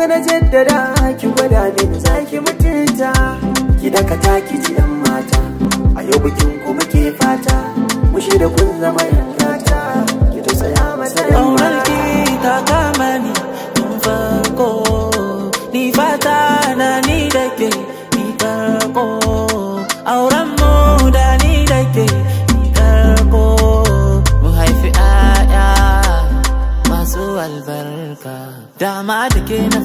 da na jaddada ki gwada min zaki mutunta ki dakata ki ji yan mata a yau bikin ku muke fata mushi da kun zama yan gata ki tausaya masa da mata ta kama ni tun farko ni fata na ni da ke ni karko auren mu da ni da ke ni mu haifi 'ya'ya masu albarka dama da ke na